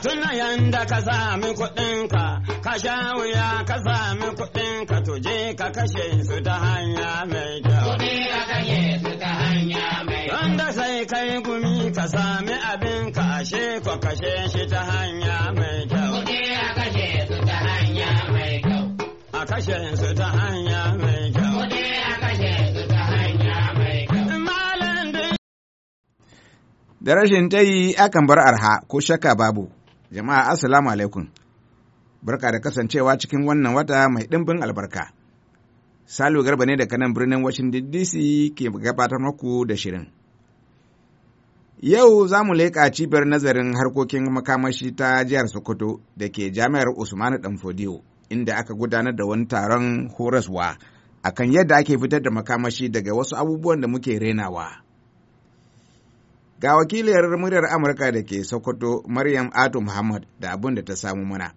ka tuna yanda ka sami kuɗinka, ka sha wuya ka sami kuɗinka tuje ka kashe su ta hanya mai kyau. je ka kashe su ta hanya mai kyau. Wanda sai kai gumi ka sami abin ka ashe ko kashe shi ta hanya mai kyau. je ka kashe su ta hanya mai kyau. A kashe su ta hanya mai kyau. je a kashe su ta hanya mai kyau. da rashin tayi akan bar arha ko shakka babu. Jama'a Assalamu alaikum. Barka da kasancewa cikin wannan wata mai ɗimbin albarka. Salu Garba ne daga nan birnin Washington DC ke gabatar maku da shirin. Yau za mu leƙa cibiyar nazarin harkokin makamashi ta jihar Sokoto da ke jami'ar Usmanu Danfodiyo inda aka gudanar da wani taron horaswa akan yadda ake fitar da makamashi daga wasu abubuwan da muke renawa. Ga wakiliyar muryar Amurka da ke Sokoto Maryam ato Muhammad da abun da ta samu mana.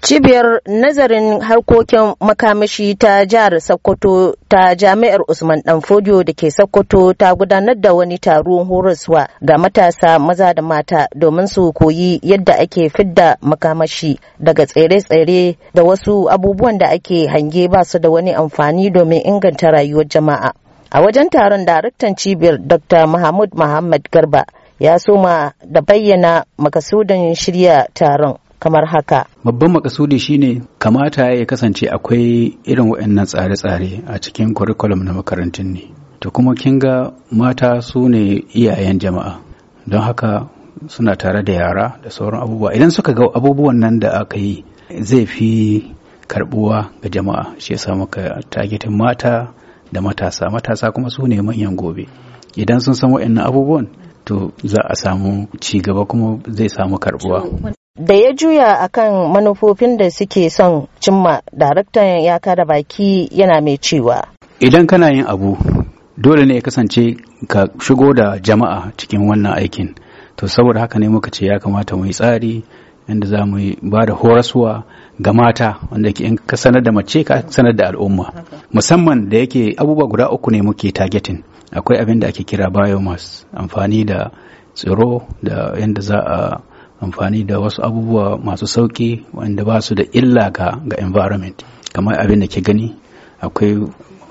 Cibiyar nazarin harkokin makamashi ta jihar Sokoto ta Jami'ar Usman Danfodiyo da ke Sokoto ta gudanar da wani taron horaswa ga matasa maza da mata domin su koyi yadda ake fidda makamashi daga tsere-tsere da wasu abubuwan da ake hange ba su da wani amfani domin inganta rayuwar jama'a. a wajen taron daraktan cibiyar dr mahmud muhammad garba ya soma da bayyana makasudin shirya taron kamar haka. Babban makasudi shine kamata ya kasance akwai irin waɗannan tsare-tsare a cikin curriculum na makarantun ne. To kuma kin ga mata su ne iyayen jama'a don haka suna tare da yara da sauran abubuwa idan suka ga abubuwan nan da aka yi zai fi karbuwa ga jama'a shi yasa maka tagetin mata da matasa matasa kuma su ne manyan gobe idan sun san waɗannan abubuwan to za a samu ci gaba kuma zai samu karbuwa da ya juya akan manufofin da suke son cimma daraktan ya kada baki yana mai cewa idan kana yin abu dole ne ya kasance ka shigo da jama'a cikin wannan aikin to saboda haka ne muka ce ya kamata mu yi tsari inda za mu ba da horaswa ga mata wanda ke in ka sanar da mace ka sanar da al'umma musamman da yake abubuwa guda uku ne muke targetin akwai abin da ake kira biomass amfani da tsiro da yadda za a amfani da wasu abubuwa masu sauki wanda ba su da illa ga ga environment kamar abin da ke gani akwai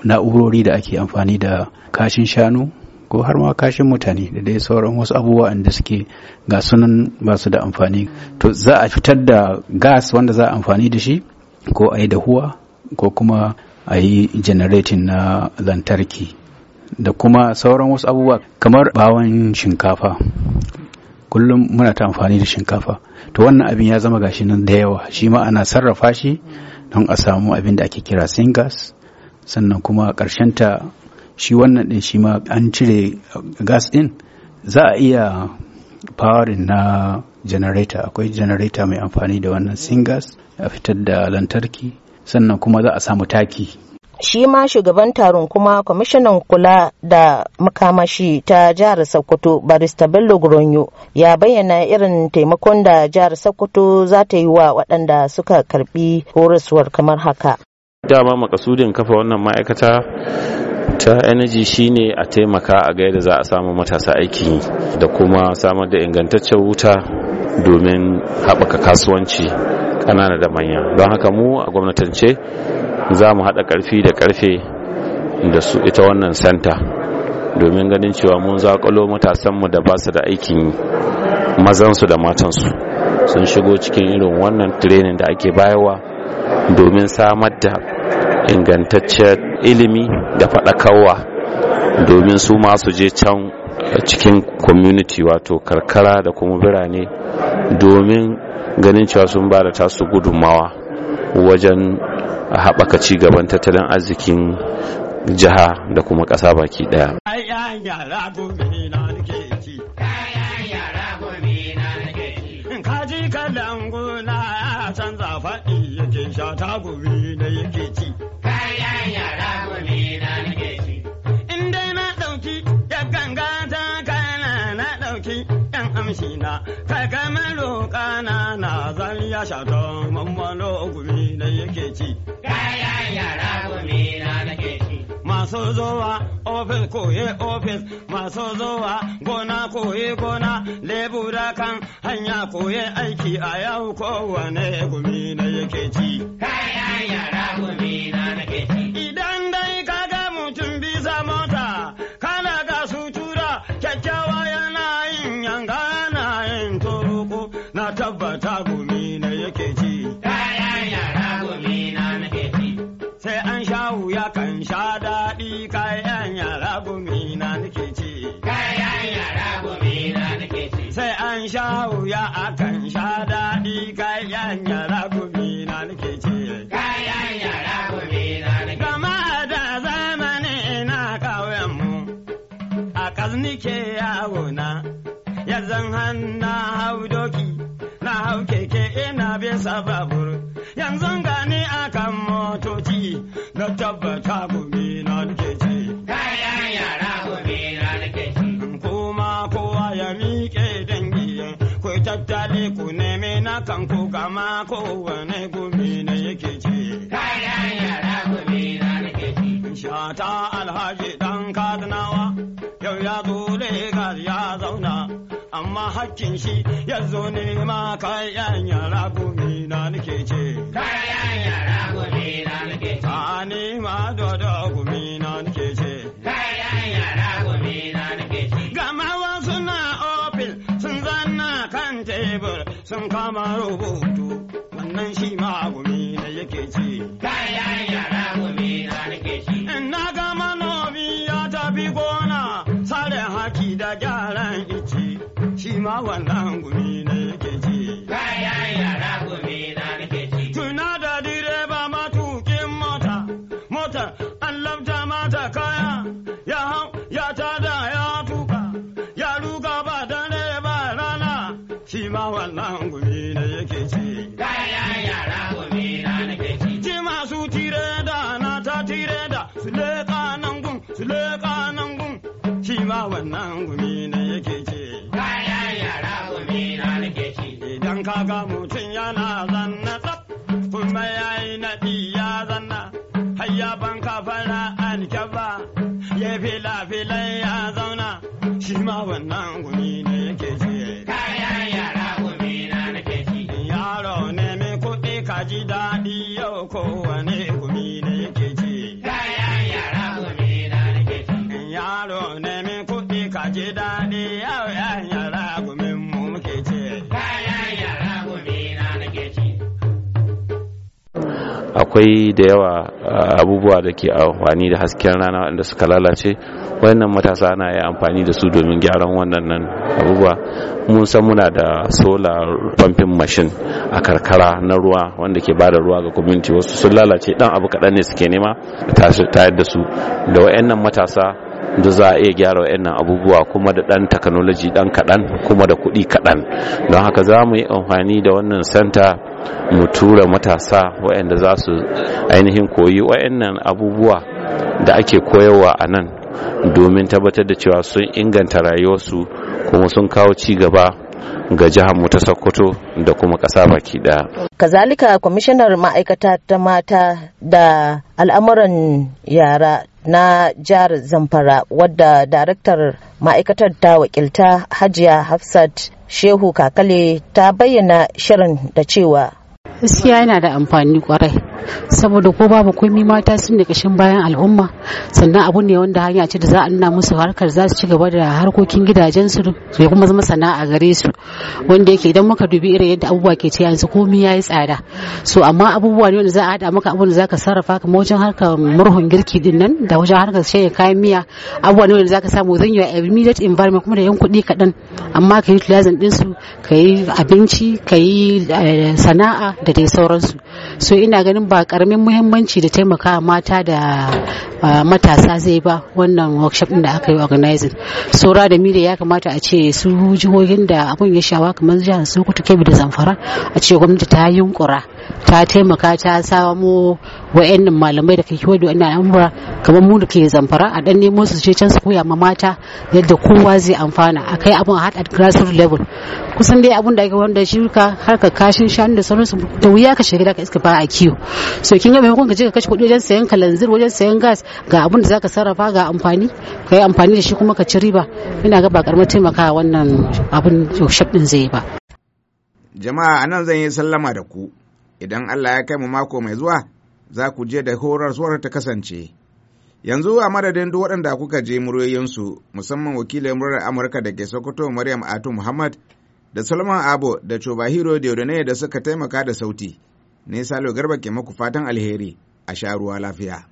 na'urori da ake amfani da kashin shanu ko har ma kashin mutane da dai sauran wasu abubuwa da suke ga sunan ba su da amfani to za a fitar da gas wanda za a amfani da shi ko a yi dahuwa ko kuma a yi generating na lantarki da kuma sauran wasu abubuwa kamar bawon shinkafa kullum muna ta amfani da shinkafa to wannan abin ya zama gashi nan da yawa shi ma ana sarrafa shi don a samu abin da ake kira singas sannan kuma ta shi wannan din shi ma an cire gas din za a iya powering na generator akwai generator mai amfani da wannan singas a fitar da lantarki sannan kuma za a samu taki shi ma shugaban taron kuma kwamishinan kula da makamashi ta jihar sokoto barista bello gronyo ya bayyana irin taimakon da jihar sokoto za ta yi wa waɗanda suka karbi horaswar kamar haka dama makasudin kafa wannan ma'aikata ta energy shine a taimaka a ga yadda za a samu matasa aiki da kuma samar da ingantaccen wuta domin haɓaka kasuwanci ƙanana da manya don haka mu a gwamnatance za mu haɗa ƙarfi da ƙarfe da su ita wannan santa domin ganin cewa mun zaƙalo matasanmu da ba su da aikin mazansu da matansu sun shigo cikin irin wannan training da ake bayarwa domin samar da ingantacciyar ilimi da faɗakarwa domin su masu je can cikin community wato karkara da kuma birane domin ganin cewa sun ba da tasu gudunmawa wajen haɓaka ci gaban tattalin arzikin jiha da kuma ƙasa baki ɗaya. Kaji kalangu na canza faɗi yake sha ta gobe na yake shi na kai kai kana na zan ya shato gumi da yake ci kaya yara gumi na nake ci masu zowa ofis koye ofis masu zowa gona koye gona lebura kan hanya koye aiki a yau kowane gumi na yake ci kaya yara gumi na nake ci kayan yara gobe na nake ce. Kayan yara gobe na nake. Gama da zamani na ƙauyen mu a kaznike yawo na. Yanzan han na hau doki na hau keke ina bisa babur. Yanzan gani akan motoci na tabbata gobe. tattale ku neme na kanku gama kowane gumi na yake ce. gumi na ce. Shata alhaji dan kadinawa yau ya zo Legas ya zauna amma hakkin shi ya zo nema kayan yara gumi na nake ce. ma wannan gumi na ke ci. Kaya yara gumi na nake ci. Tuna da direba matukin mota, mota an labta mata kaya, ya hau ya tada ya tuka, ya ruga ba dare ba rana, shi ma wannan gumi na yake ci. Kaya yara gumi na nake ci. Ji masu tire da na ta tire da, su leƙa nan gun, su leƙa nan gun, shi ma wannan gumi ne yake Idan kaga mutum yana zanna tsaf kuma yayi naɗi ya zanna har ya banka fara an kyaba ya fila filai ya zauna shi ma wannan gumi ne yake ce. Kayan yara gumi na nake ci. Yaro ne mai kuɗi kaji daɗi yau kowane akwai da yawa abubuwa da ke amfani da hasken rana wanda suka lalace wannan matasa na yi amfani da su domin gyaran wannan abubuwa mun san muna da solar pumping machine a karkara na ruwa wanda ke bada ruwa ga community wasu sun lalace dan abu kaɗan ne suke nema ta tayar da su da wayannan matasa da za a iya gyara wa'annan abubuwa kuma da ɗan takanoloji ɗan kaɗan kuma da kuɗi kaɗan don haka za mu yi amfani da wannan santa mu tura matasa wa'anda za su ainihin koyi wa'annan abubuwa da ake koyarwa a nan domin tabbatar da cewa sun inganta rayuwarsu kuma sun kawo ci gaba ga jihar mu ta Sokoto da kuma ƙasa baki ɗaya. Kazalika kwamishinar ma'aikata ta mata da al'amuran yara na jihar Zamfara wadda daraktar ma'aikatar ta wakilta Hajiya Hafsat Shehu Kakale ta bayyana shirin da cewa gaskiya yana da amfani kwarai saboda ko babu komi mata sun da kashin bayan al'umma sannan abu ne wanda hanya ce da za a nuna musu harkar za su ci gaba da harkokin gidajensu ya kuma zama sana'a gare su wanda yake idan muka dubi irin yadda abubuwa ke ce yanzu komi ya yi tsada so amma abubuwa ne wanda za a haɗa maka abu da za sarrafa ka wajen harkar murhun girki din nan da wajen harkar shanya kayan miya abubuwa ne wanda za ka samu zan yi immediate environment kuma da yan kuɗi kaɗan amma ka yi din su ka yi abinci ka yi eh, sana'a da da dai sauransu so ina ganin ba karamin muhimmanci da taimaka mata da matasa zai ba wannan workshop da aka yi organizing saura da mi ya kamata a ce su jihohin da abun ya shawa kamar jihar sokoto kebbi da zamfara a ce gwamnati ta yunkura ta taimaka ta samo wa'annan malamai da ke wadda da wannan kamar mu da ke zamfara a dan nemo su je can su koya ma mata yadda kowa zai amfana a kai abun a at grassroots level kusan dai abun da ake wanda shi harkar harka kashin shanu da sauransu da wuya ka shiga ka iska ba a kiwo so kin ga maimakon ka je ka kashe kuɗi wajen sayan kalanzir wajen sayan gas ga abin da zaka sarrafa ga amfani ka yi amfani da shi kuma ka ci riba ina ga ba karamar taimaka wannan abin shop din zai ba jama'a anan zan yi sallama da ku idan Allah ya kai mu mako mai zuwa za ku je da horarwar ta kasance yanzu a madadin duk waɗanda kuka je muryoyinsu musamman wakilin murar amurka da ke sokoto maryam atu muhammad da Solomon Abo da Chobahiro Diodone da suka taimaka da sauti. Ne Salo Garba ke maku fatan alheri a sha ruwa lafiya.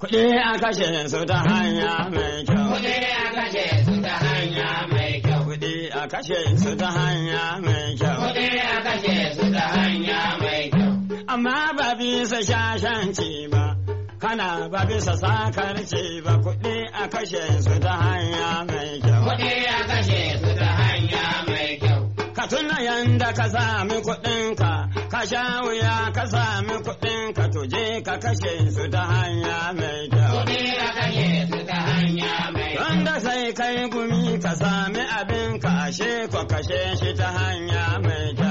Kuɗi a kashe su ta hanya mai kyau. Kuɗi a kashe su ta hanya mai kyau. Kuɗi a kashe su ta hanya mai kyau. Kuɗi a kashe su ta hanya mai kyau. Amma ba bisa shashanci ba, kana ba bisa sakarci ba kuɗi a kashe su ta hanya ka sami kuɗinka, ka sha wuya ka sami kuɗinka, to je ka kashe su ta hanya mai kyau. Kuɗi ka kashe su ta hanya mai kyau. Wanda sai kai gumi ka sami abin ka ashe ko kashe shi ta hanya mai kyau.